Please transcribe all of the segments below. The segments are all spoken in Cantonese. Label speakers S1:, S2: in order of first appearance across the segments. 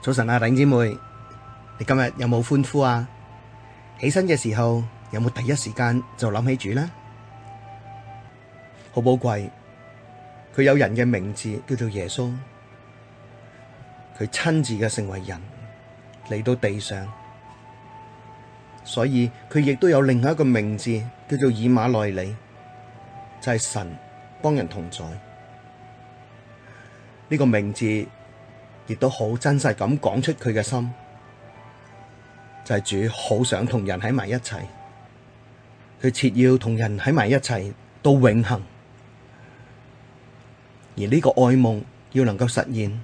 S1: 早晨啊，頂姐妹，你今日有冇歡呼啊？起身嘅時候有冇第一時間就諗起主呢？好寶貴，佢有人嘅名字叫做耶穌，佢親自嘅成為人嚟到地上，所以佢亦都有另外一個名字叫做以馬內利，就係神幫人同在呢個名字。亦都好真實咁講出佢嘅心，就係主好想同人喺埋一齊，佢切要同人喺埋一齊到永恆。而呢個愛夢要能夠實現，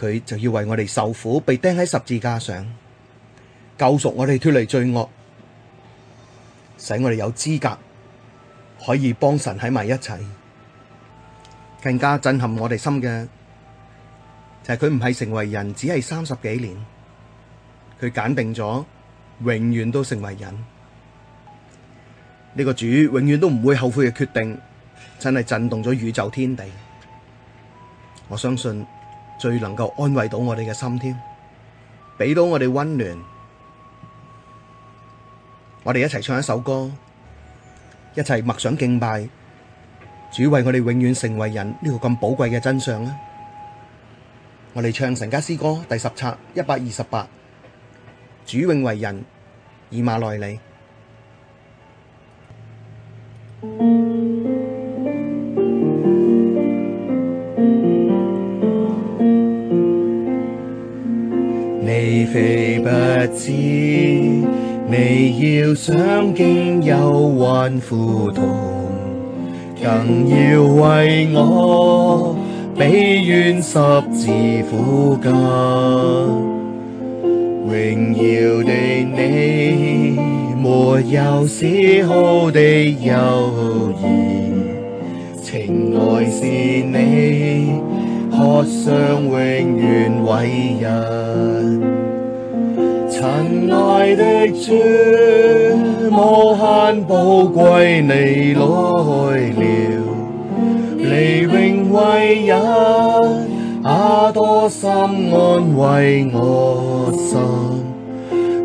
S1: 佢就要為我哋受苦，被釘喺十字架上，救贖我哋脫離罪惡，使我哋有資格可以幫神喺埋一齊，更加震撼我哋心嘅。就係佢唔係成為人，只係三十幾年，佢揀定咗，永遠都成為人。呢個主永遠都唔會後悔嘅決定，真係震動咗宇宙天地。我相信最能夠安慰到我哋嘅心添，俾到我哋溫暖。我哋一齊唱一首歌，一齊默想敬拜主，為我哋永遠成為人呢個咁寶貴嘅真相啊！我哋唱《神家詩歌》第十冊一百二十八，主永為人，以馬內利
S2: 你非不知，你要常經憂患苦痛，更要為我。被懸十字苦架，榮耀的，你沒有絲毫的猶疑。情愛使你，渴想永遠為人。親愛的主，無限寶貴你來了。你永為人！啊，多深安慰我心。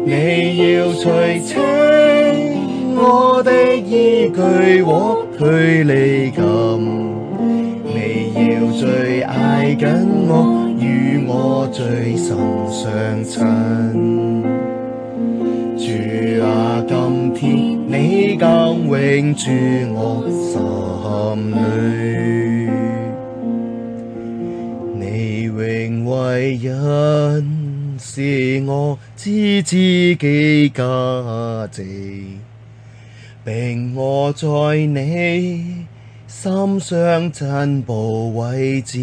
S2: 你要除清我的疑懼和距離感。你要最挨近我，與我最深相親。主啊，今天你更永住我心。含淚，你永為人是我知自己價值，並我在你心上珍寶位置。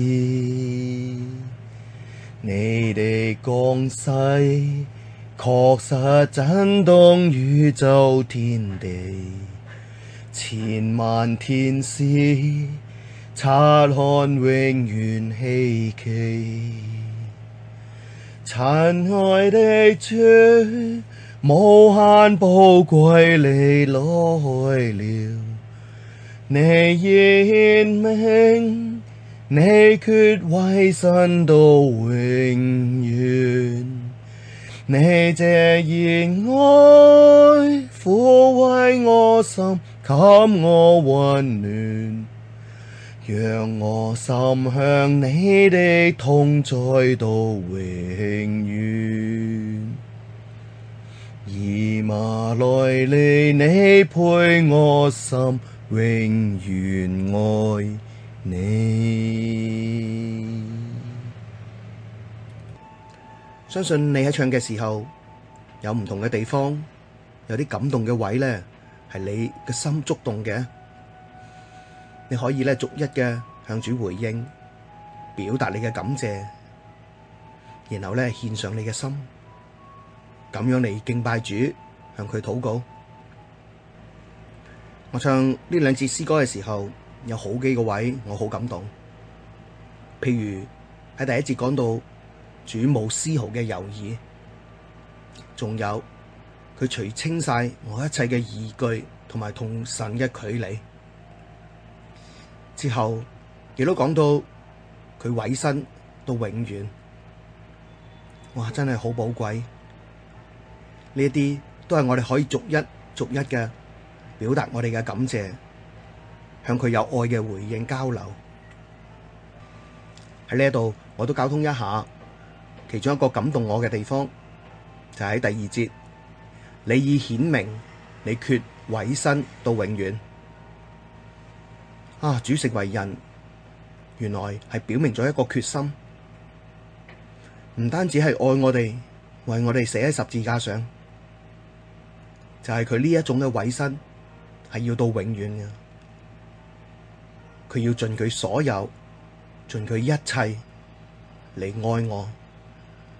S2: 你的降世確實震動宇宙天地。千萬天使察看、永遠希奇，親愛的主無限寶貴你來了，你顯明，你決委身到永遠，你這熱愛撫慰我心。給我溫暖，讓我深享你的同在到永遠。以馬內利，你配我心永遠
S1: 愛你。相信你喺唱嘅時候，有唔同嘅地方，有啲感動嘅位呢。係你嘅心觸動嘅，你可以咧逐一嘅向主回應，表達你嘅感謝，然後咧獻上你嘅心，咁樣嚟，敬拜主，向佢禱告。我唱呢兩節詩歌嘅時候，有好幾個位我好感動，譬如喺第一節講到主冇絲毫嘅猶豫，仲有。佢除清晒我一切嘅疑懼，同埋同神嘅距離之後，亦都講到佢委身到永遠。哇！真係好寶貴，呢啲都係我哋可以逐一逐一嘅表達我哋嘅感謝，向佢有愛嘅回應交流。喺呢一度，我都交通一下，其中一個感動我嘅地方就喺、是、第二節。你已顯明，你決委身到永遠啊！主永為人，原來係表明咗一個決心。唔單止係愛我哋，為我哋寫喺十字架上，就係佢呢一種嘅委身，係要到永遠嘅。佢要盡佢所有，盡佢一切，嚟愛我，呢、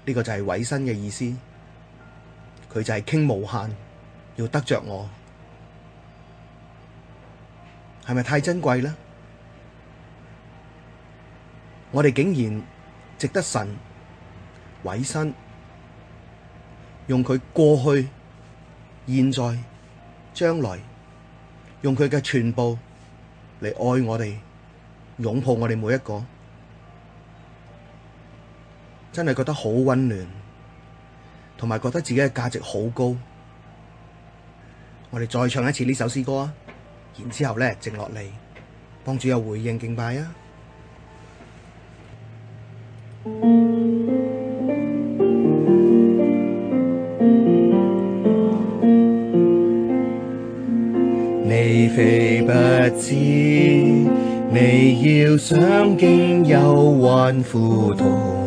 S1: 這個就係委身嘅意思。佢就係傾無限，要得着我，係咪太珍貴呢？我哋竟然值得神委身，用佢過去、現在、將來，用佢嘅全部嚟愛我哋，擁抱我哋每一個，真係覺得好溫暖。同埋覺得自己嘅價值好高，我哋再唱一次呢首詩歌啊！然之後咧，靜落嚟，幫主有回應敬拜啊！
S2: 你非不知，你要常經憂患苦痛。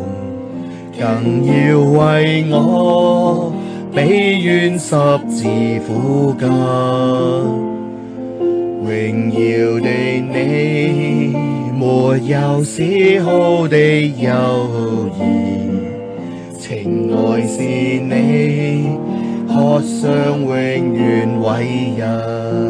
S2: 更要為我被懸十字苦架，榮耀的你沒有絲毫的猶疑，情愛使你渴想永遠為人。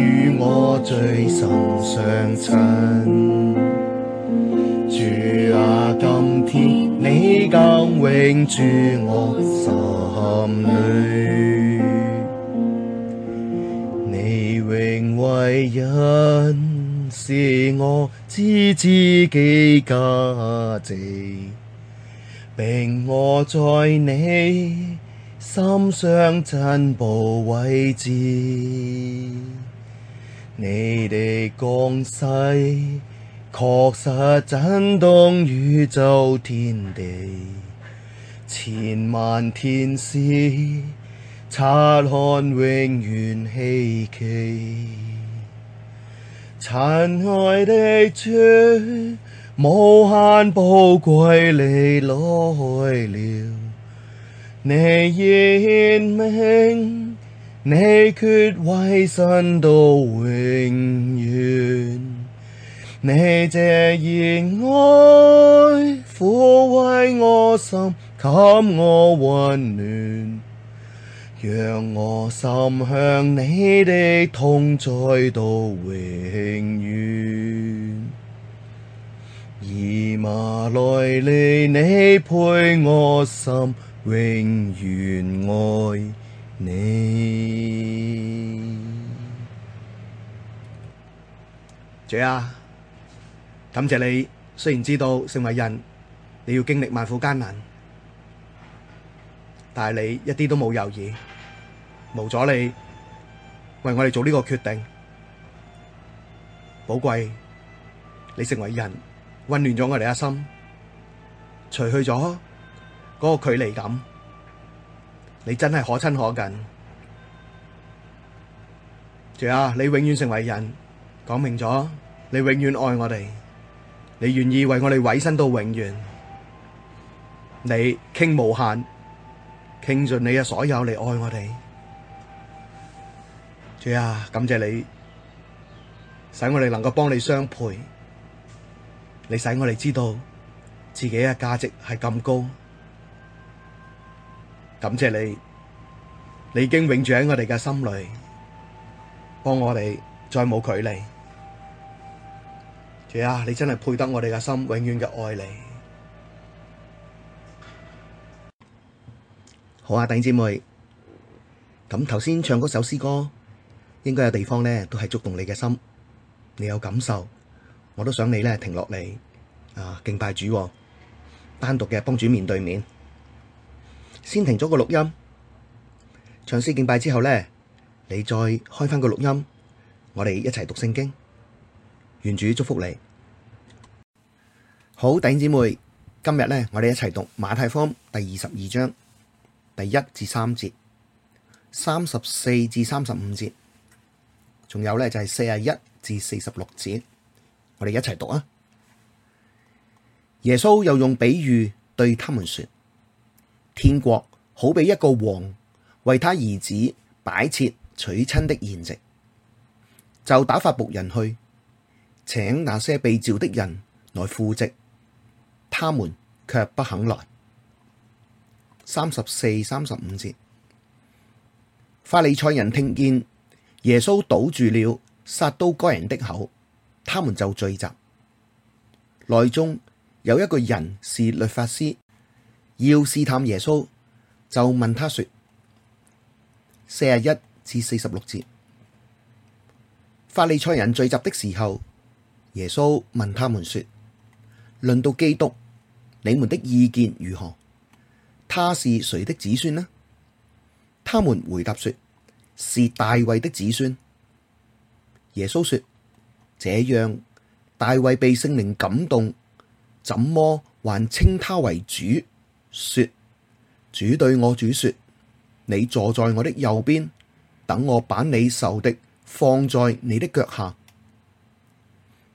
S2: 與我最深相親，主啊，今天，你更永住我心裡，你永為人，使我知自己價值，並我在你心上珍寶位置。你的降世確實震動宇宙天地，千萬天使察看永遠希奇，親愛的主無限寶貴你來了，你顯明。你決委身到永遠，你這熱愛撫慰我心，給我溫暖，讓我深享你的同在到永遠。以馬內利，你配我心永遠愛。你
S1: 謝啊，感謝你。雖然知道成為人你要經歷萬苦艱難，但係你一啲都冇猶豫，無阻你為我哋做呢個決定。寶貴，你成為人溫暖咗我哋一心，除去咗嗰個距離感。你真係可親可近，主啊，你永遠成為人，講明咗，你永遠愛我哋，你願意為我哋委身到永遠，你傾無限，傾盡你嘅所有嚟愛我哋，主啊，感謝你，使我哋能夠幫你相配，你使我哋知道自己嘅價值係咁高。感謝你，你已經永住喺我哋嘅心裏，幫我哋再冇距離。主啊，你真係配得我哋嘅心，永遠嘅愛你。好啊，弟姊妹，咁頭先唱嗰首詩歌，應該有地方呢都係觸動你嘅心，你有感受，我都想你呢停落嚟，啊，敬拜主，單獨嘅幫主面對面。先停咗個錄音，唱詩敬拜之後呢，你再開翻個錄音，我哋一齊讀聖經。願主祝福你。好，弟兄姊妹，今日呢，我哋一齊讀馬太福音第二十二章第一至三節、三十四至三十五節，仲有呢就係四十一至四十六節，我哋一齊讀啊！耶穌又用比喻對他們說。天國好比一個王為他兒子擺設娶親的筵席，就打發僕人去請那些被召的人來赴席，他們卻不肯來。三十四、三十五節，法利賽人聽見耶穌堵住了撒都該人的口，他們就聚集，內中有一個人是律法師。要試探耶穌，就問他說：四十一至四十六節，法利賽人聚集的時候，耶穌問他們說：論到基督，你們的意見如何？他是誰的子孫呢？他們回答說：是大衛的子孫。耶穌說：這樣大衛被聖靈感動，怎麼還稱他為主？說主對我主說：你坐在我的右邊，等我把你仇敵，放在你的腳下。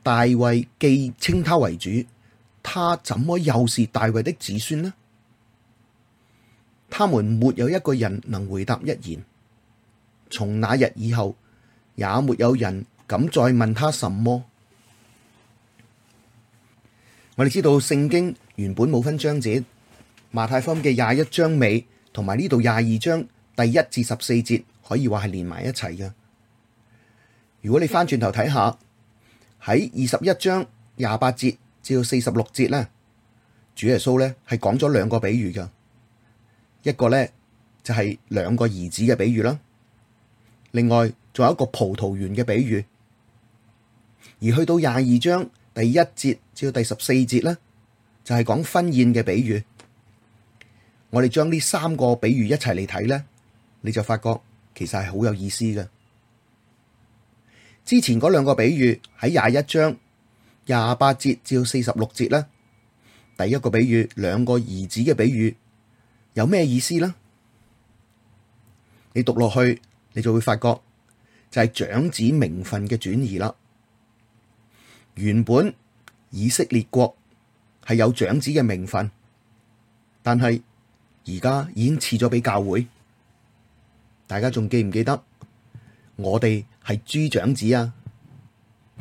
S1: 大衛既稱他為主，他怎麼又是大衛的子孫呢？他們沒有一個人能回答一言。從那日以後，也沒有人敢再問他什麼。我哋知道聖經原本冇分章節。馬太福音嘅廿一章尾同埋呢度廿二章第一至十四節，可以話係連埋一齊嘅。如果你翻轉頭睇下喺二十一章廿八節至到四十六節咧，主耶穌咧係講咗兩個比喻㗎，一個咧就係、是、兩個兒子嘅比喻啦。另外仲有一個葡萄園嘅比喻，而去到廿二章第一節至到第十四節咧，就係、是、講婚宴嘅比喻。我哋將呢三個比喻一齊嚟睇呢，你就發覺其實係好有意思嘅。之前嗰兩個比喻喺廿一章廿八節至到四十六節呢，第一個比喻兩個兒子嘅比喻有咩意思呢？你讀落去，你就會發覺就係長子名分嘅轉移啦。原本以色列國係有長子嘅名分，但係而家已經賜咗俾教會，大家仲記唔記得我哋係諸長子啊？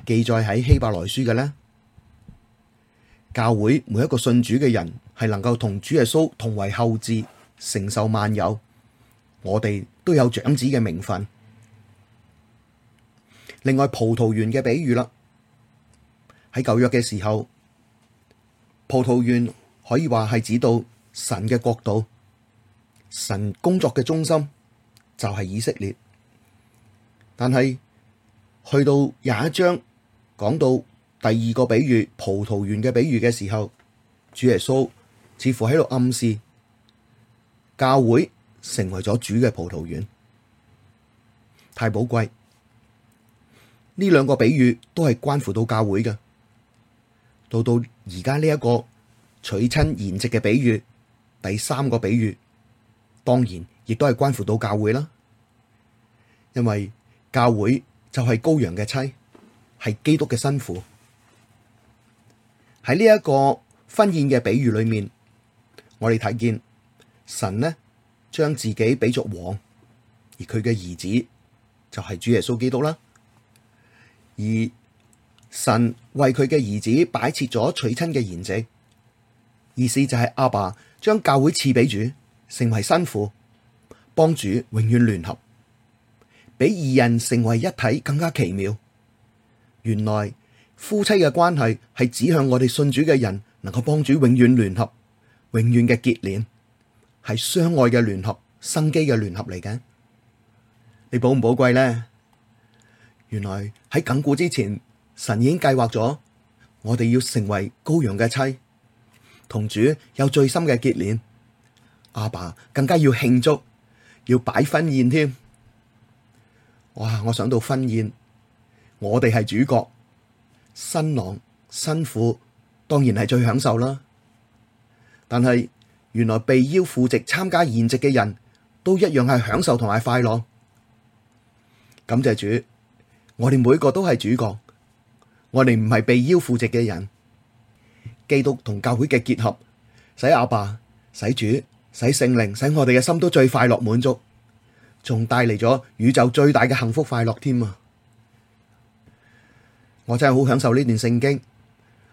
S1: 記載喺希伯來書嘅呢，教會每一個信主嘅人係能夠同主耶穌同為後嗣，承受萬有。我哋都有長子嘅名分。另外葡萄園嘅比喻啦，喺舊約嘅時候，葡萄園可以話係指到神嘅國度。神工作嘅中心就係以色列，但係去到廿一章講到第二個比喻，葡萄園嘅比喻嘅時候，主耶穌似乎喺度暗示教會成為咗主嘅葡萄園，太寶貴。呢兩個比喻都係關乎到教會嘅，到到而家呢一個娶親筵席嘅比喻，第三個比喻。當然，亦都係關乎到教會啦，因為教會就係羔羊嘅妻，係基督嘅新婦。喺呢一個婚宴嘅比喻裏面，我哋睇見神呢將自己俾咗王，而佢嘅兒子就係主耶穌基督啦。而神為佢嘅兒子擺設咗娶親嘅筵席，意思就係阿爸將教會賜俾主。成為新婦，幫主永遠聯合，比二人成為一體更加奇妙。原來夫妻嘅關係係指向我哋信主嘅人能夠幫主永遠聯合，永遠嘅結連，係相愛嘅聯合、生機嘅聯合嚟嘅。你寶唔寶貴呢？原來喺亙古之前，神已經計劃咗我哋要成為羔羊嘅妻，同主有最深嘅結連。阿爸，爸更加要慶祝，要擺婚宴添。哇！我想到婚宴，我哋係主角，新郎、新婦當然係最享受啦。但係原來被邀赴席參加宴席嘅人都一樣係享受同埋快樂。感謝主，我哋每個都係主角，我哋唔係被邀赴席嘅人。基督同教會嘅結合，使阿爸，爸，使主。使聖靈使我哋嘅心都最快樂滿足，仲帶嚟咗宇宙最大嘅幸福快樂添啊！我真係好享受呢段聖經，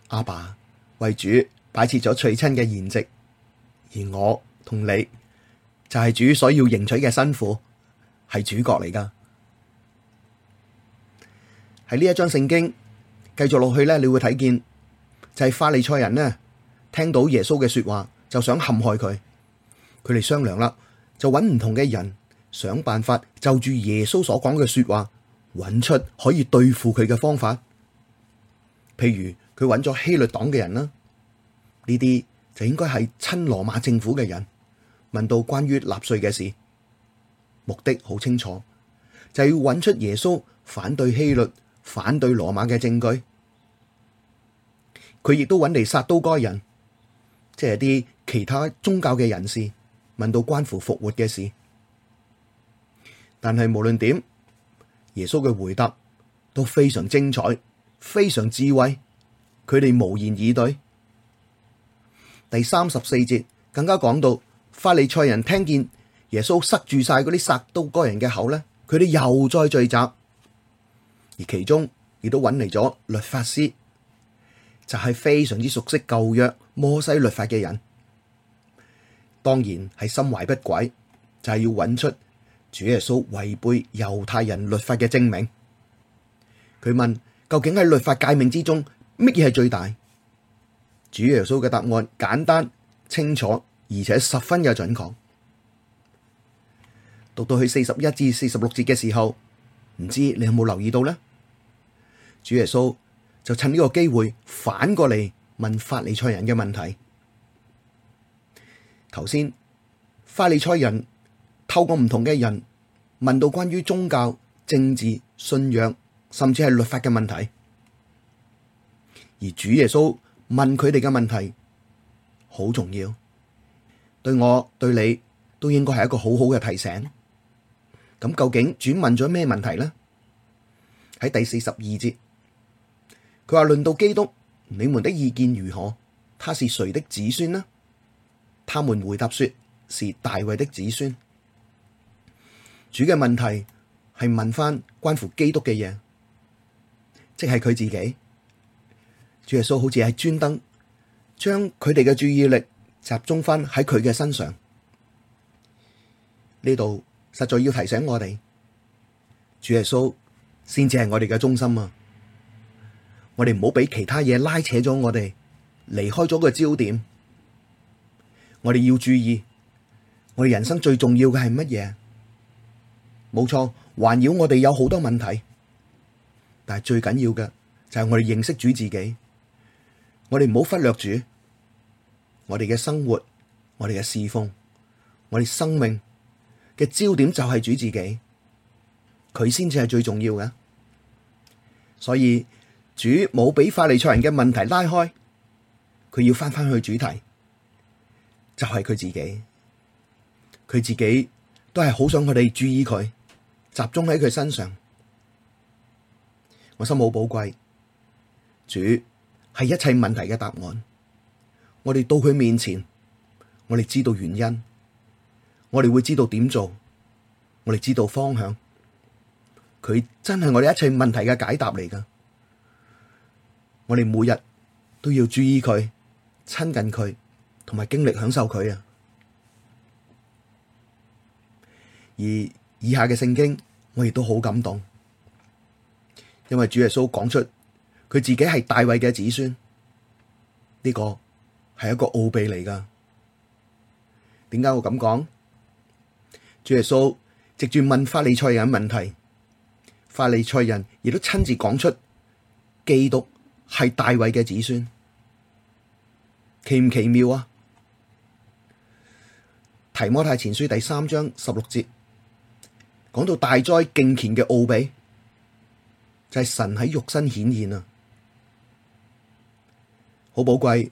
S1: 阿爸，爸為主擺設咗娶親嘅筵席，而我同你就係主所要迎娶嘅新婦，係主角嚟㗎。喺呢一章聖經繼續落去咧，你會睇見就係、是、法利賽人呢，聽到耶穌嘅說話就想陷害佢。佢哋商量啦，就揾唔同嘅人，想辦法就住耶穌所講嘅說話，揾出可以對付佢嘅方法。譬如佢揾咗希律黨嘅人啦，呢啲就應該係親羅馬政府嘅人，問到關於納稅嘅事，目的好清楚，就係要揾出耶穌反對希律、反對羅馬嘅證據。佢亦都揾嚟撒都該人，即係啲其他宗教嘅人士。問到關乎復活嘅事，但係無論點，耶穌嘅回答都非常精彩、非常智慧，佢哋無言以對。第三十四節更加講到，法利賽人聽見耶穌塞住晒嗰啲撒都該人嘅口咧，佢哋又再聚集，而其中亦都揾嚟咗律法師，就係、是、非常之熟悉舊約摩西律法嘅人。當然係心懷不軌，就係要搵出主耶穌違背猶太人律法嘅證明。佢問究竟喺律法誡命之中乜嘢係最大？主耶穌嘅答案簡單、清楚，而且十分有準確。讀到去四十一至四十六節嘅時候，唔知你有冇留意到呢？主耶穌就趁呢個機會反過嚟問法利賽人嘅問題。頭先，法利賽人透過唔同嘅人問到關於宗教、政治、信仰，甚至係律法嘅問題，而主耶穌問佢哋嘅問題好重要，對我對你都應該係一個好好嘅提醒。咁究竟主問咗咩問題呢？喺第四十二節，佢話：論到基督，你們的意見如何？他是誰的子孫呢？他們回答說：是大衛的子孫。主嘅問題係問翻關乎基督嘅嘢，即係佢自己。主耶穌好似係專登將佢哋嘅注意力集中翻喺佢嘅身上。呢度實在要提醒我哋，主耶穌先至係我哋嘅中心啊！我哋唔好俾其他嘢拉扯咗我哋，離開咗個焦點。我哋要注意，我哋人生最重要嘅係乜嘢？冇錯，環繞我哋有好多問題，但係最緊要嘅就係我哋認識主自己。我哋唔好忽略主，我哋嘅生活、我哋嘅侍奉、我哋生命嘅焦點就係主自己，佢先至係最重要嘅。所以主冇俾法利賽人嘅問題拉開，佢要返返去主題。就係佢自己，佢自己都係好想我哋注意佢，集中喺佢身上。我心好寶貴，主係一切問題嘅答案。我哋到佢面前，我哋知道原因，我哋會知道點做，我哋知道方向。佢真係我哋一切問題嘅解答嚟噶。我哋每日都要注意佢，親近佢。同埋經歷享受佢啊！而以下嘅聖經，我亦都好感動，因為主耶穌講出佢自己係大衛嘅子孫，呢個係一個奧秘嚟噶。點解會咁講？主耶穌直接問法利賽人問題，法利賽人亦都親自講出，基督係大衛嘅子孫，奇唔奇妙啊！提摩太前書第三章十六節講到大哉敬虔嘅奧秘，就係、是、神喺肉身顯現啊，好寶貴。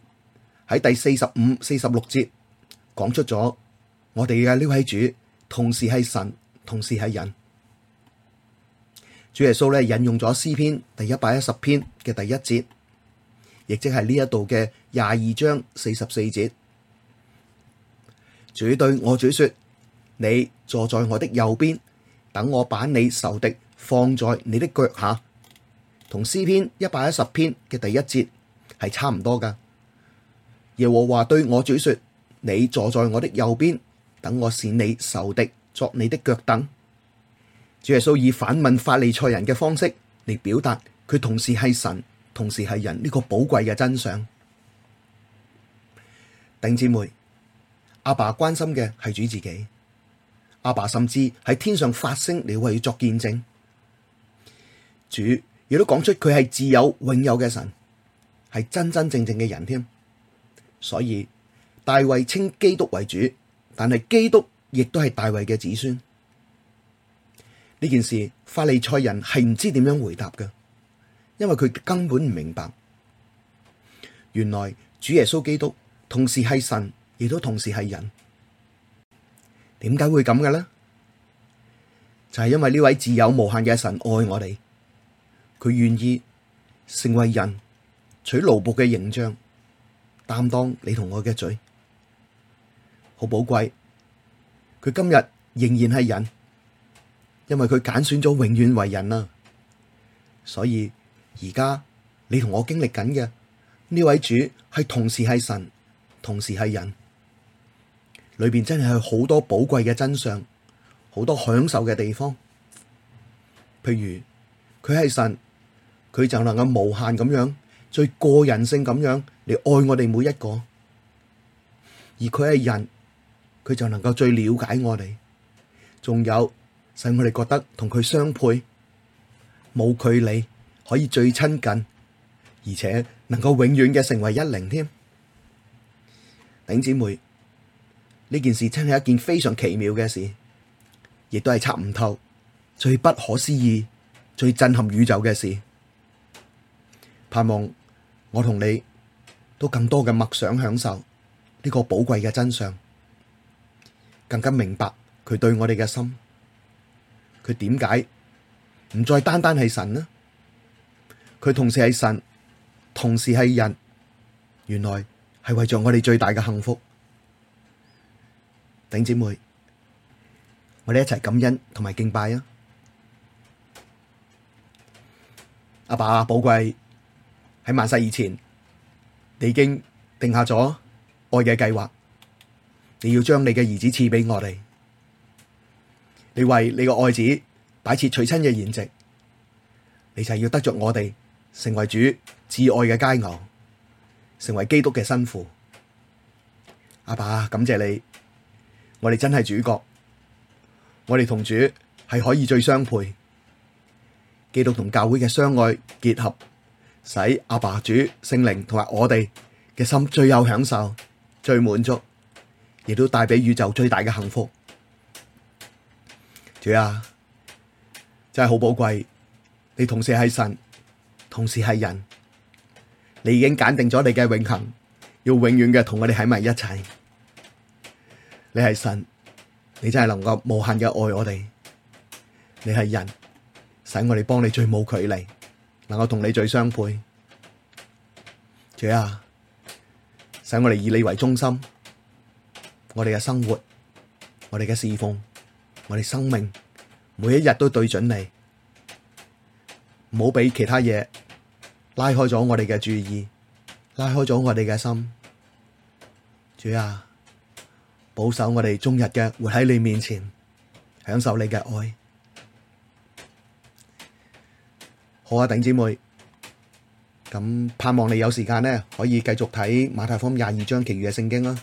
S1: 喺第四十五、四十六節講出咗我哋嘅呢位主，同時係神，同時係人。主耶穌咧引用咗詩篇第一百一十篇嘅第一節，亦即係呢一度嘅廿二章四十四節。主對我主說：你坐在我的右邊，等我把你仇敵放在你的腳下。同詩篇一百一十篇嘅第一節係差唔多噶。耶和華對我主說：你坐在我的右邊，等我使你仇敵作你的腳凳。主耶穌以反問法利賽人嘅方式嚟表達佢同時係神，同時係人呢個寶貴嘅真相。頂姐妹。阿爸關心嘅係主自己，阿爸甚至喺天上發聲嚟為作見證。主亦都講出佢係自有、永有嘅神，係真真正正嘅人添。所以大衛稱基督為主，但係基督亦都係大衛嘅子孫。呢件事法利賽人係唔知點樣回答嘅，因為佢根本唔明白，原來主耶穌基督同時係神，亦都同時係人，點解會咁嘅咧？就係、是、因為呢位自有無限嘅神愛我哋，佢願意成為人，取奴僕嘅形象，擔當你同我嘅罪，好寶貴。佢今日仍然係人，因為佢揀選咗永遠為人啦。所以而家你同我經歷緊嘅呢位主係同時係神，同時係人。裏邊真係有好多寶貴嘅真相，好多享受嘅地方。譬如佢係神，佢就能夠無限咁樣，最個人性咁樣嚟愛我哋每一個；而佢係人，佢就能夠最了解我哋，仲有使我哋覺得同佢相配，冇距離可以最親近，而且能夠永遠嘅成為一靈添。頂姐妹。呢件事真係一件非常奇妙嘅事，亦都係測唔透，最不可思議、最震撼宇宙嘅事。盼望我同你都更多嘅默想，享受呢個寶貴嘅真相，更加明白佢對我哋嘅心，佢點解唔再單單係神呢？佢同時係神，同時係人，原來係為咗我哋最大嘅幸福。弟姐妹，我哋一齊感恩同埋敬拜啊！阿爸啊，寶貴喺萬世以前，你已經定下咗愛嘅計劃，你要將你嘅兒子賜俾我哋，你為你個愛子擺設娶親嘅筵席，你就係要得着我哋成為主至愛嘅佳偶，成為基督嘅新婦。阿爸啊，感謝你！我哋真係主角，我哋同主係可以最相配，基督同教會嘅相愛結合，使阿爸主聖靈同埋我哋嘅心最有享受、最滿足，亦都帶俾宇宙最大嘅幸福。主啊，真係好寶貴，你同時係神，同時係人，你已經揀定咗你嘅永恆，要永遠嘅同我哋喺埋一齊。你係神，你真係能夠無限嘅愛我哋。你係人，使我哋幫你最冇距離，能夠同你最相配。主啊，使我哋以你為中心，我哋嘅生活，我哋嘅侍奉、我哋生命，每一日都對準你，唔好俾其他嘢拉開咗我哋嘅注意，拉開咗我哋嘅心。主啊！保守我哋終日嘅活喺你面前，享受你嘅愛。好啊，丁姐妹，咁盼望你有時間呢，可以繼續睇馬太福音廿二章其餘嘅聖經啦，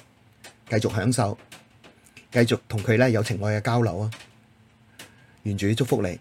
S1: 繼續享受，繼續同佢呢有情愛嘅交流啊！願主祝福你。